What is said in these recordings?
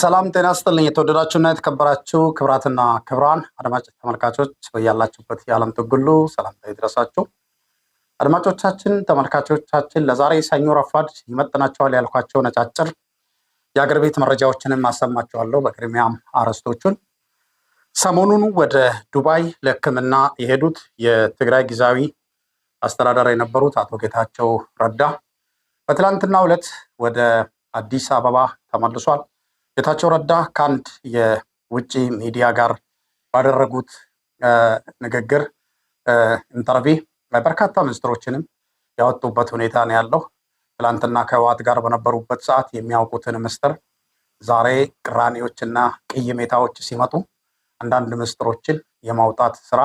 ሰላም ጤና ስጥልኝ። የተወደዳችሁና የተከበራችሁ ክብራትና ክብራን አድማጭ ተመልካቾች በያላችሁበት የዓለም ትጉሉ ሰላምታ ይድረሳችሁ። አድማጮቻችን፣ ተመልካቾቻችን ለዛሬ ሰኞ ረፋድ ይመጥናቸዋል ያልኳቸው ነጫጭር የአገር ቤት መረጃዎችንም አሰማችኋለሁ። በቅድሚያም አርዕስቶቹን ሰሞኑን ወደ ዱባይ ለሕክምና የሄዱት የትግራይ ጊዜያዊ አስተዳደር የነበሩት አቶ ጌታቸው ረዳ በትላንትናው ዕለት ወደ አዲስ አበባ ተመልሷል። ጌታቸው ረዳ ከአንድ የውጭ ሚዲያ ጋር ባደረጉት ንግግር ኢንተርቪ በርካታ ምስጢሮችንም ያወጡበት ሁኔታ ነው ያለው። ትላንትና ከህወሓት ጋር በነበሩበት ሰዓት የሚያውቁትን ምስጢር ዛሬ ቅራኔዎችና ቅይሜታዎች ሲመጡ አንዳንድ ምስጢሮችን የማውጣት ስራ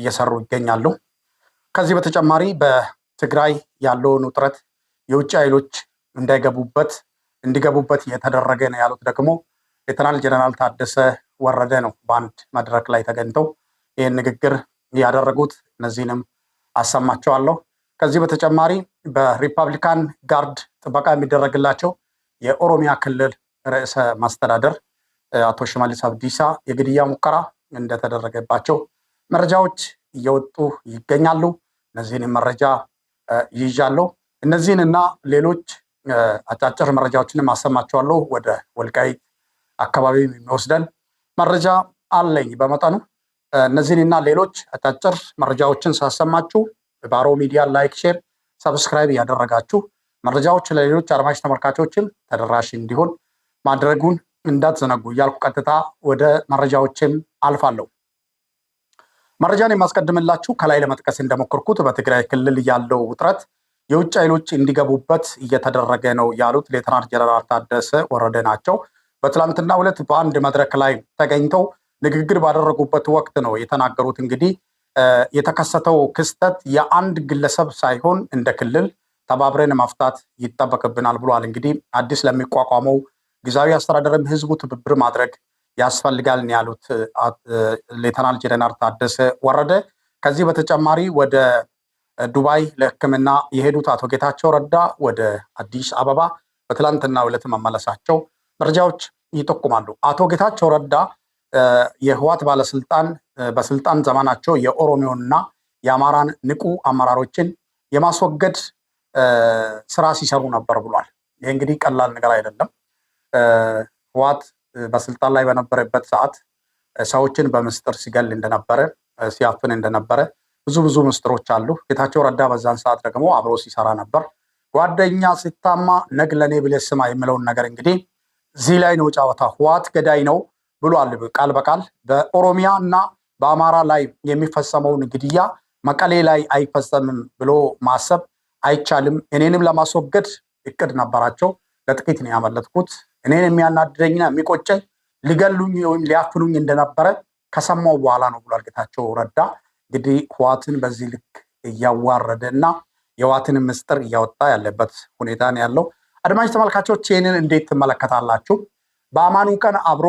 እየሰሩ ይገኛሉ። ከዚህ በተጨማሪ በትግራይ ያለውን ውጥረት የውጭ ኃይሎች እንዳይገቡበት እንዲገቡበት የተደረገ ነው ያሉት ደግሞ ሌተናል ጀነራል ታደሰ ወረደ ነው። በአንድ መድረክ ላይ ተገኝተው ይህን ንግግር ያደረጉት እነዚህንም አሰማቸዋለሁ። ከዚህ በተጨማሪ በሪፐብሊካን ጋርድ ጥበቃ የሚደረግላቸው የኦሮሚያ ክልል ርዕሰ መስተዳደር አቶ ሽመልስ አብዲሳ የግድያ ሙከራ እንደተደረገባቸው መረጃዎች እየወጡ ይገኛሉ። እነዚህንም መረጃ ይይዣለሁ። እነዚህን እና ሌሎች አጫጭር መረጃዎችንም አሰማችኋለሁ። ወደ ወልቃይ አካባቢ የሚወስደን መረጃ አለኝ በመጠኑ እነዚህንና ሌሎች አጫጭር መረጃዎችን ሳሰማችሁ ባሮ ሚዲያ ላይክ፣ ሼር፣ ሰብስክራይብ እያደረጋችሁ መረጃዎች ለሌሎች አድማጭ ተመልካቾችም ተደራሽ እንዲሆን ማድረጉን እንዳትዘነጉ እያልኩ ቀጥታ ወደ መረጃዎችም አልፋለሁ። መረጃን የማስቀድምላችሁ ከላይ ለመጥቀስ እንደሞከርኩት በትግራይ ክልል ያለው ውጥረት የውጭ ኃይሎች እንዲገቡበት እየተደረገ ነው ያሉት ሌተናንት ጀነራል ታደሰ ወረደ ናቸው። በትላንትና ሁለት በአንድ መድረክ ላይ ተገኝተው ንግግር ባደረጉበት ወቅት ነው የተናገሩት። እንግዲህ የተከሰተው ክስተት የአንድ ግለሰብ ሳይሆን እንደ ክልል ተባብረን መፍታት ይጠበቅብናል ብሏል። እንግዲህ አዲስ ለሚቋቋመው ጊዜያዊ አስተዳደርም ህዝቡ ትብብር ማድረግ ያስፈልጋል ያሉት ሌተናል ጀነራል ታደሰ ወረደ ከዚህ በተጨማሪ ወደ ዱባይ ለሕክምና የሄዱት አቶ ጌታቸው ረዳ ወደ አዲስ አበባ በትላንትና ዕለት መመለሳቸው መረጃዎች ይጠቁማሉ። አቶ ጌታቸው ረዳ የህዋት ባለስልጣን በስልጣን ዘመናቸው የኦሮሚዮንና የአማራን ንቁ አመራሮችን የማስወገድ ስራ ሲሰሩ ነበር ብሏል። ይህ እንግዲህ ቀላል ነገር አይደለም። ህዋት በስልጣን ላይ በነበረበት ሰዓት ሰዎችን በምስጢር ሲገል እንደነበረ፣ ሲያፍን እንደነበረ ብዙ ብዙ ምስጢሮች አሉ። ጌታቸው ረዳ በዛን ሰዓት ደግሞ አብሮ ሲሰራ ነበር። ጓደኛ ሲታማ ነግ ለእኔ ብለህ ስማ የምለውን ነገር እንግዲህ እዚህ ላይ ነው ጨዋታ። ህዋት ገዳይ ነው ብሏል ቃል በቃል። በኦሮሚያ እና በአማራ ላይ የሚፈጸመውን ግድያ መቀሌ ላይ አይፈጸምም ብሎ ማሰብ አይቻልም። እኔንም ለማስወገድ እቅድ ነበራቸው። ለጥቂት ነው ያመለጥኩት። እኔን የሚያናድደኝና የሚቆጨኝ ሊገሉኝ ወይም ሊያፍኑኝ እንደነበረ ከሰማው በኋላ ነው ብሏል ጌታቸው ረዳ። እንግዲህ ህዋትን በዚህ ልክ እያዋረደ እና የህዋትን ምስጢር እያወጣ ያለበት ሁኔታ ነው ያለው። አድማጭ ተመልካቾች ይህንን እንዴት ትመለከታላችሁ? በአማኑ ቀን አብሮ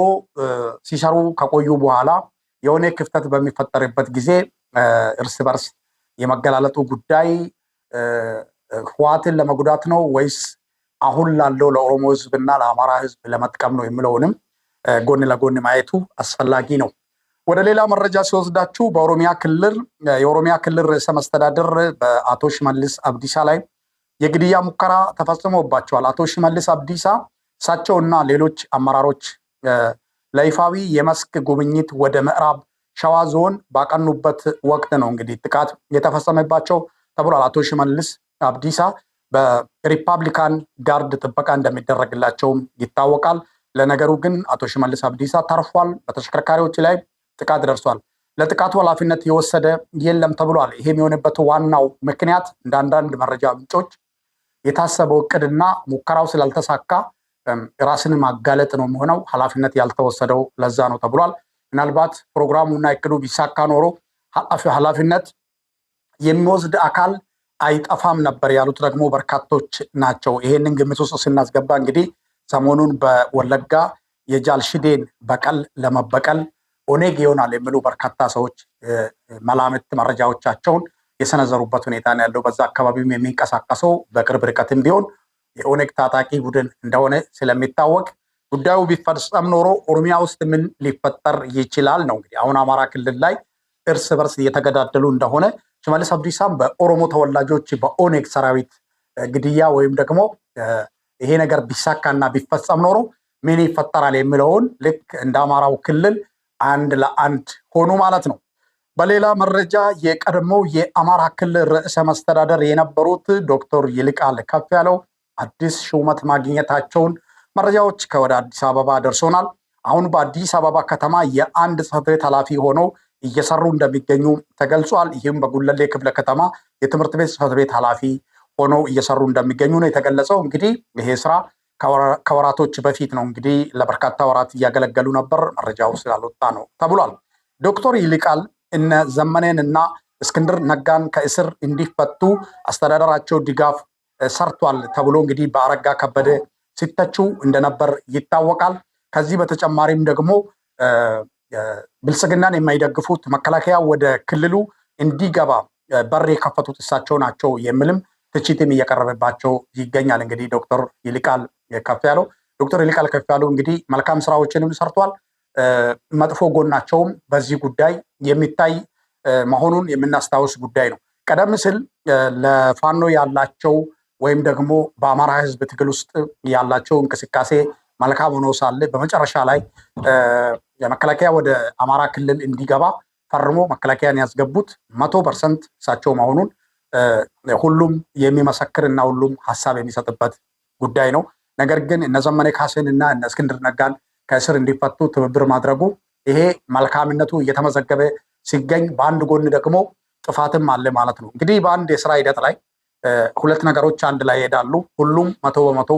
ሲሰሩ ከቆዩ በኋላ የሆነ ክፍተት በሚፈጠርበት ጊዜ እርስ በርስ የመገላለጡ ጉዳይ ህዋትን ለመጉዳት ነው ወይስ አሁን ላለው ለኦሮሞ ህዝብ እና ለአማራ ህዝብ ለመጥቀም ነው የሚለውንም ጎን ለጎን ማየቱ አስፈላጊ ነው። ወደ ሌላ መረጃ ሲወስዳችሁ በኦሮሚያ ክልል የኦሮሚያ ክልል ርዕሰ መስተዳድር በአቶ ሽመልስ አብዲሳ ላይ የግድያ ሙከራ ተፈጽሞባቸዋል። አቶ ሽመልስ አብዲሳ እሳቸው እና ሌሎች አመራሮች ለይፋዊ የመስክ ጉብኝት ወደ ምዕራብ ሸዋ ዞን ባቀኑበት ወቅት ነው እንግዲህ ጥቃት የተፈጸመባቸው ተብሏል። አቶ ሽመልስ አብዲሳ በሪፐብሊካን ጋርድ ጥበቃ እንደሚደረግላቸውም ይታወቃል። ለነገሩ ግን አቶ ሽመልስ አብዲሳ ተርፏል። በተሽከርካሪዎች ላይ ጥቃት ደርሷል። ለጥቃቱ ኃላፊነት የወሰደ የለም ተብሏል። ይህም የሆነበት ዋናው ምክንያት እንደ አንዳንድ መረጃ ምንጮች የታሰበው እቅድና ሙከራው ስላልተሳካ ራስን ማጋለጥ ነው የሚሆነው። ኃላፊነት ያልተወሰደው ለዛ ነው ተብሏል። ምናልባት ፕሮግራሙና እቅዱ ቢሳካ ኖሮ ኃላፊነት የሚወስድ አካል አይጠፋም ነበር ያሉት ደግሞ በርካቶች ናቸው። ይሄንን ግምት ውስጥ ስናስገባ እንግዲህ ሰሞኑን በወለጋ የጃልሽዴን በቀል ለመበቀል ኦኔግ ይሆናል የሚሉ በርካታ ሰዎች መላምት መረጃዎቻቸውን የሰነዘሩበት ሁኔታ ነው ያለው። በዛ አካባቢም የሚንቀሳቀሰው በቅርብ ርቀትም ቢሆን የኦኔግ ታጣቂ ቡድን እንደሆነ ስለሚታወቅ ጉዳዩ ቢፈጸም ኖሮ ኦሮሚያ ውስጥ ምን ሊፈጠር ይችላል ነው እንግዲህ አሁን አማራ ክልል ላይ እርስ በርስ እየተገዳደሉ እንደሆነ ሽመልስ አብዲሳም በኦሮሞ ተወላጆች በኦኔግ ሰራዊት ግድያ ወይም ደግሞ ይሄ ነገር ቢሳካና ቢፈጸም ኖሮ ምን ይፈጠራል የሚለውን ልክ እንደ አማራው ክልል አንድ ለአንድ ሆኑ ማለት ነው። በሌላ መረጃ የቀድሞው የአማራ ክልል ርዕሰ መስተዳደር የነበሩት ዶክተር ይልቃል ከፍ ያለው አዲስ ሹመት ማግኘታቸውን መረጃዎች ከወደ አዲስ አበባ ደርሶናል። አሁን በአዲስ አበባ ከተማ የአንድ ጽሕፈት ቤት ኃላፊ ሆነው እየሰሩ እንደሚገኙ ተገልጿል። ይህም በጉለሌ ክፍለ ከተማ የትምህርት ቤት ጽሕፈት ቤት ኃላፊ ሆነው እየሰሩ እንደሚገኙ ነው የተገለጸው። እንግዲህ ይሄ ስራ ከወራቶች በፊት ነው እንግዲህ ለበርካታ ወራት እያገለገሉ ነበር። መረጃው ስላልወጣ ነው ተብሏል። ዶክተር ይልቃል እነ ዘመኔን እና እስክንድር ነጋን ከእስር እንዲፈቱ አስተዳደራቸው ድጋፍ ሰርቷል ተብሎ እንግዲህ በአረጋ ከበደ ሲተቹ እንደነበር ይታወቃል። ከዚህ በተጨማሪም ደግሞ ብልጽግናን የማይደግፉት መከላከያ ወደ ክልሉ እንዲገባ በር የከፈቱት እሳቸው ናቸው የሚልም ትችትም እየቀረበባቸው ይገኛል። እንግዲህ ዶክተር ይልቃል ከፍ ያለው ዶክተር ይልቃል ከፍ ያለው እንግዲህ መልካም ስራዎችንም ሰርቷል። መጥፎ ጎናቸውም በዚህ ጉዳይ የሚታይ መሆኑን የምናስታውስ ጉዳይ ነው። ቀደም ሲል ለፋኖ ያላቸው ወይም ደግሞ በአማራ ህዝብ ትግል ውስጥ ያላቸው እንቅስቃሴ መልካም ሆኖ ሳለ በመጨረሻ ላይ መከላከያ ወደ አማራ ክልል እንዲገባ ፈርሞ መከላከያን ያስገቡት መቶ ፐርሰንት እሳቸው መሆኑን ሁሉም የሚመሰክር እና ሁሉም ሀሳብ የሚሰጥበት ጉዳይ ነው። ነገር ግን እነ ዘመነ ካሴን እና እነ እስክንድር ነጋን ከእስር እንዲፈቱ ትብብር ማድረጉ ይሄ መልካምነቱ እየተመዘገበ ሲገኝ በአንድ ጎን ደግሞ ጥፋትም አለ ማለት ነው። እንግዲህ በአንድ የስራ ሂደት ላይ ሁለት ነገሮች አንድ ላይ ይሄዳሉ። ሁሉም መቶ በመቶ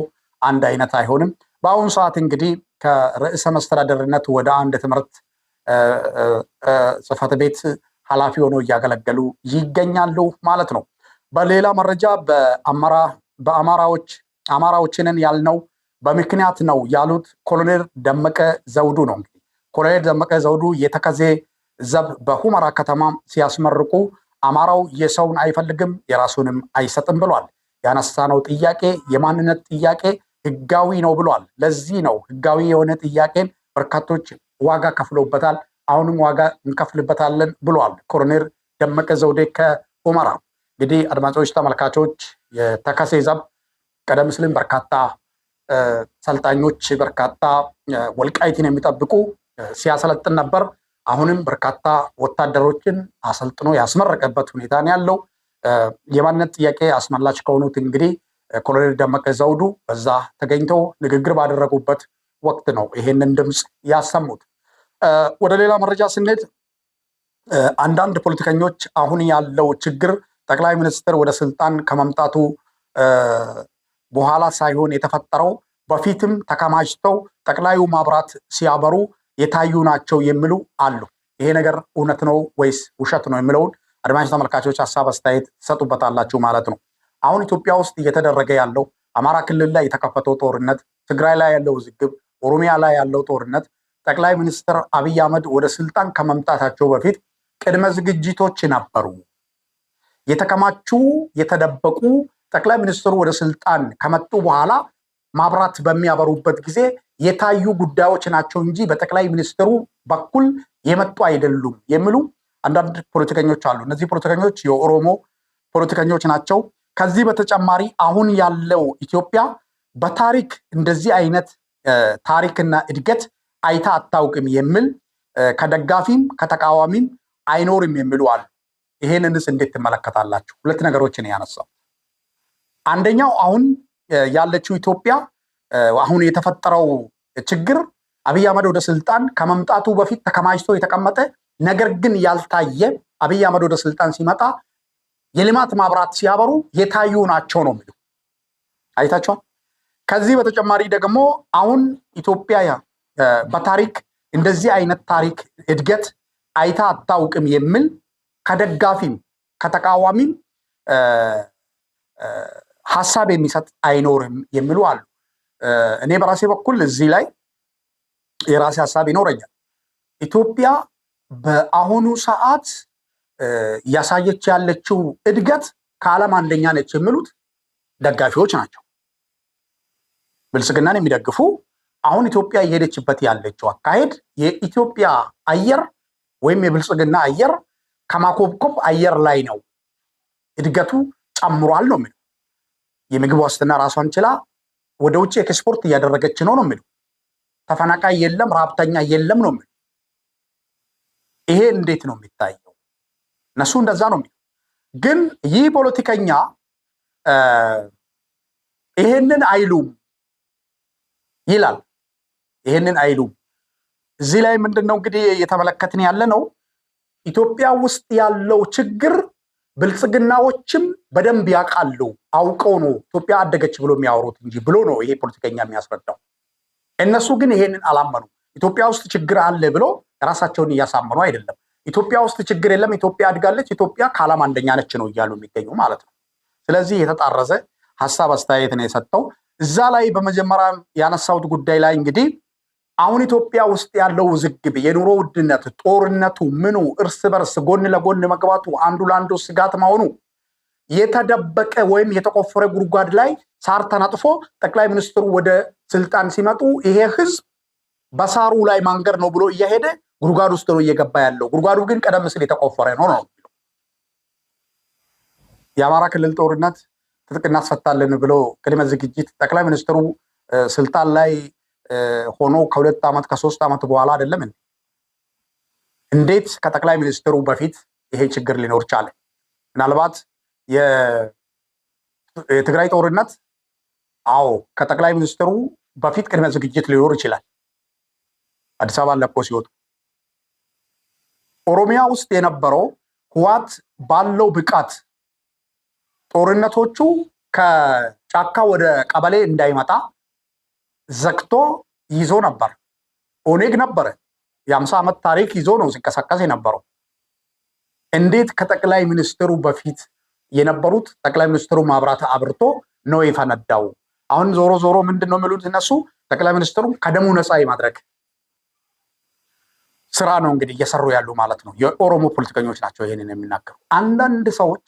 አንድ አይነት አይሆንም። በአሁኑ ሰዓት እንግዲህ ከርዕሰ መስተዳደርነት ወደ አንድ ትምህርት ጽህፈት ቤት ኃላፊ ሆነው እያገለገሉ ይገኛሉ ማለት ነው። በሌላ መረጃ በአማራዎች አማራዎችንን ያልነው በምክንያት ነው ያሉት ኮሎኔል ደመቀ ዘውዱ ነው። እንግዲህ ኮሎኔል ደመቀ ዘውዱ የተከዜ ዘብ በሁመራ ከተማ ሲያስመርቁ አማራው የሰውን አይፈልግም የራሱንም አይሰጥም ብሏል። ያነሳነው ጥያቄ የማንነት ጥያቄ ህጋዊ ነው ብሏል። ለዚህ ነው ህጋዊ የሆነ ጥያቄን በርካቶች ዋጋ ከፍለውበታል፣ አሁንም ዋጋ እንከፍልበታለን ብሏል ኮሎኔል ደመቀ ዘውዴ ከሁመራ። እንግዲህ አድማጮች፣ ተመልካቾች የተከሴ ዘብ ቀደም ሲልም በርካታ ሰልጣኞች በርካታ ወልቃይትን የሚጠብቁ ሲያሰለጥን ነበር። አሁንም በርካታ ወታደሮችን አሰልጥኖ ያስመረቀበት ሁኔታ ነው ያለው። የማንነት ጥያቄ አስመላች ከሆኑት እንግዲህ ኮሎኔል ደመቀ ዘውዱ በዛ ተገኝተው ንግግር ባደረጉበት ወቅት ነው ይሄንን ድምፅ ያሰሙት። ወደ ሌላ መረጃ ስንሄድ አንዳንድ ፖለቲከኞች አሁን ያለው ችግር ጠቅላይ ሚኒስትር ወደ ስልጣን ከመምጣቱ በኋላ ሳይሆን የተፈጠረው በፊትም ተከማችተው ጠቅላዩ ማብራት ሲያበሩ የታዩ ናቸው የሚሉ አሉ። ይሄ ነገር እውነት ነው ወይስ ውሸት ነው የሚለውን አድማጭ ተመልካቾች ሀሳብ፣ አስተያየት ትሰጡበታላችሁ ማለት ነው። አሁን ኢትዮጵያ ውስጥ እየተደረገ ያለው አማራ ክልል ላይ የተከፈተው ጦርነት፣ ትግራይ ላይ ያለው ውዝግብ፣ ኦሮሚያ ላይ ያለው ጦርነት ጠቅላይ ሚኒስትር አብይ አህመድ ወደ ስልጣን ከመምጣታቸው በፊት ቅድመ ዝግጅቶች ነበሩ። የተከማቹ የተደበቁ ጠቅላይ ሚኒስትሩ ወደ ስልጣን ከመጡ በኋላ ማብራት በሚያበሩበት ጊዜ የታዩ ጉዳዮች ናቸው እንጂ በጠቅላይ ሚኒስትሩ በኩል የመጡ አይደሉም የሚሉ አንዳንድ ፖለቲከኞች አሉ። እነዚህ ፖለቲከኞች የኦሮሞ ፖለቲከኞች ናቸው። ከዚህ በተጨማሪ አሁን ያለው ኢትዮጵያ በታሪክ እንደዚህ አይነት ታሪክና እድገት አይታ አታውቅም የሚል ከደጋፊም ከተቃዋሚም አይኖርም የሚሉ አሉ። ይሄንንስ እንዴት ትመለከታላችሁ? ሁለት ነገሮችን ያነሳው አንደኛው አሁን ያለችው ኢትዮጵያ አሁን የተፈጠረው ችግር አብይ አህመድ ወደ ስልጣን ከመምጣቱ በፊት ተከማችቶ የተቀመጠ ነገር ግን ያልታየ አብይ አህመድ ወደ ስልጣን ሲመጣ የልማት ማብራት ሲያበሩ የታዩ ናቸው ነው የሚሉ አይታችኋል። ከዚህ በተጨማሪ ደግሞ አሁን ኢትዮጵያ በታሪክ እንደዚህ አይነት ታሪክ እድገት አይታ አታውቅም የሚል ከደጋፊም ከተቃዋሚም ሀሳብ የሚሰጥ አይኖርም የሚሉ አሉ። እኔ በራሴ በኩል እዚህ ላይ የራሴ ሀሳብ ይኖረኛል። ኢትዮጵያ በአሁኑ ሰዓት እያሳየች ያለችው እድገት ከዓለም አንደኛ ነች የሚሉት ደጋፊዎች ናቸው። ብልጽግናን የሚደግፉ አሁን ኢትዮጵያ እየሄደችበት ያለችው አካሄድ የኢትዮጵያ አየር ወይም የብልጽግና አየር ከማኮብኮብ አየር ላይ ነው፣ እድገቱ ጨምሯል ነው የሚለው የምግብ ዋስትና ራሷን ችላ ወደ ውጭ ኤክስፖርት እያደረገች ነው ነው የሚሉ ተፈናቃይ የለም፣ ረሀብተኛ የለም ነው የሚሉ ይሄ እንዴት ነው የሚታየው? እነሱ እንደዛ ነው የሚሉ ግን ይህ ፖለቲከኛ ይሄንን አይሉም ይላል። ይሄንን አይሉም። እዚህ ላይ ምንድን ነው እንግዲህ እየተመለከትን ያለ ነው ኢትዮጵያ ውስጥ ያለው ችግር ብልጽግናዎችም በደንብ ያውቃሉ። አውቀው ነው ኢትዮጵያ አደገች ብሎ የሚያወሩት እንጂ ብሎ ነው ይሄ ፖለቲከኛ የሚያስረዳው። እነሱ ግን ይሄንን አላመኑ። ኢትዮጵያ ውስጥ ችግር አለ ብሎ ራሳቸውን እያሳመኑ አይደለም። ኢትዮጵያ ውስጥ ችግር የለም፣ ኢትዮጵያ አድጋለች፣ ኢትዮጵያ ከዓለም አንደኛ ነች ነው እያሉ የሚገኙ ማለት ነው። ስለዚህ የተጣረዘ ሀሳብ አስተያየት ነው የሰጠው እዛ ላይ በመጀመሪያ ያነሳሁት ጉዳይ ላይ እንግዲህ አሁን ኢትዮጵያ ውስጥ ያለው ውዝግብ፣ የኑሮ ውድነት፣ ጦርነቱ፣ ምኑ እርስ በርስ ጎን ለጎን መግባቱ፣ አንዱ ለአንዱ ስጋት መሆኑ የተደበቀ ወይም የተቆፈረ ጉድጓድ ላይ ሳር ተነጥፎ ጠቅላይ ሚኒስትሩ ወደ ስልጣን ሲመጡ ይሄ ህዝብ በሳሩ ላይ ማንገር ነው ብሎ እየሄደ ጉድጓድ ውስጥ ነው እየገባ ያለው። ጉድጓዱ ግን ቀደም ሲል የተቆፈረ ነው ነው የአማራ ክልል ጦርነት ትጥቅ እናስፈታለን ብሎ ቅድመ ዝግጅት ጠቅላይ ሚኒስትሩ ስልጣን ላይ ሆኖ ከሁለት ዓመት ከሶስት ዓመት በኋላ አይደለም እንዴ? እንዴት ከጠቅላይ ሚኒስትሩ በፊት ይሄ ችግር ሊኖር ቻለ? ምናልባት የትግራይ ጦርነት አዎ ከጠቅላይ ሚኒስትሩ በፊት ቅድመ ዝግጅት ሊኖር ይችላል። አዲስ አበባን ለቆ ሲወጡ ኦሮሚያ ውስጥ የነበረው ህዋት ባለው ብቃት ጦርነቶቹ ከጫካ ወደ ቀበሌ እንዳይመጣ ዘግቶ ይዞ ነበር። ኦኔግ ነበረ። የአምሳ ዓመት ታሪክ ይዞ ነው ሲንቀሳቀስ የነበረው። እንዴት ከጠቅላይ ሚኒስትሩ በፊት የነበሩት ጠቅላይ ሚኒስትሩ መብራት አብርቶ ነው የፈነዳው? አሁን ዞሮ ዞሮ ምንድን ነው የሚሉት እነሱ ጠቅላይ ሚኒስትሩ ከደሙ ነፃ የማድረግ ስራ ነው እንግዲህ እየሰሩ ያሉ ማለት ነው። የኦሮሞ ፖለቲከኞች ናቸው ይህንን የሚናገሩ። አንዳንድ ሰዎች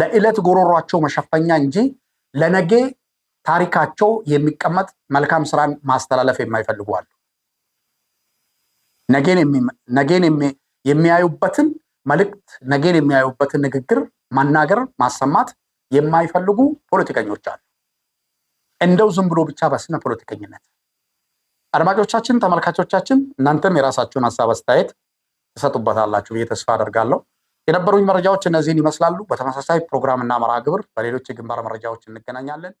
ለዕለት ጎሮሯቸው መሸፈኛ እንጂ ለነጌ ታሪካቸው የሚቀመጥ መልካም ስራን ማስተላለፍ የማይፈልጉ አሉ። ነገን የሚያዩበትን መልእክት፣ ነገን የሚያዩበትን ንግግር ማናገር ማሰማት የማይፈልጉ ፖለቲከኞች አሉ። እንደው ዝም ብሎ ብቻ በስነ ፖለቲከኝነት። አድማጮቻችን፣ ተመልካቾቻችን እናንተም የራሳችሁን ሀሳብ አስተያየት ትሰጡበታላችሁ ብዬ ተስፋ አደርጋለሁ። የነበሩኝ መረጃዎች እነዚህን ይመስላሉ። በተመሳሳይ ፕሮግራምና መርሃ ግብር በሌሎች የግንባር መረጃዎች እንገናኛለን።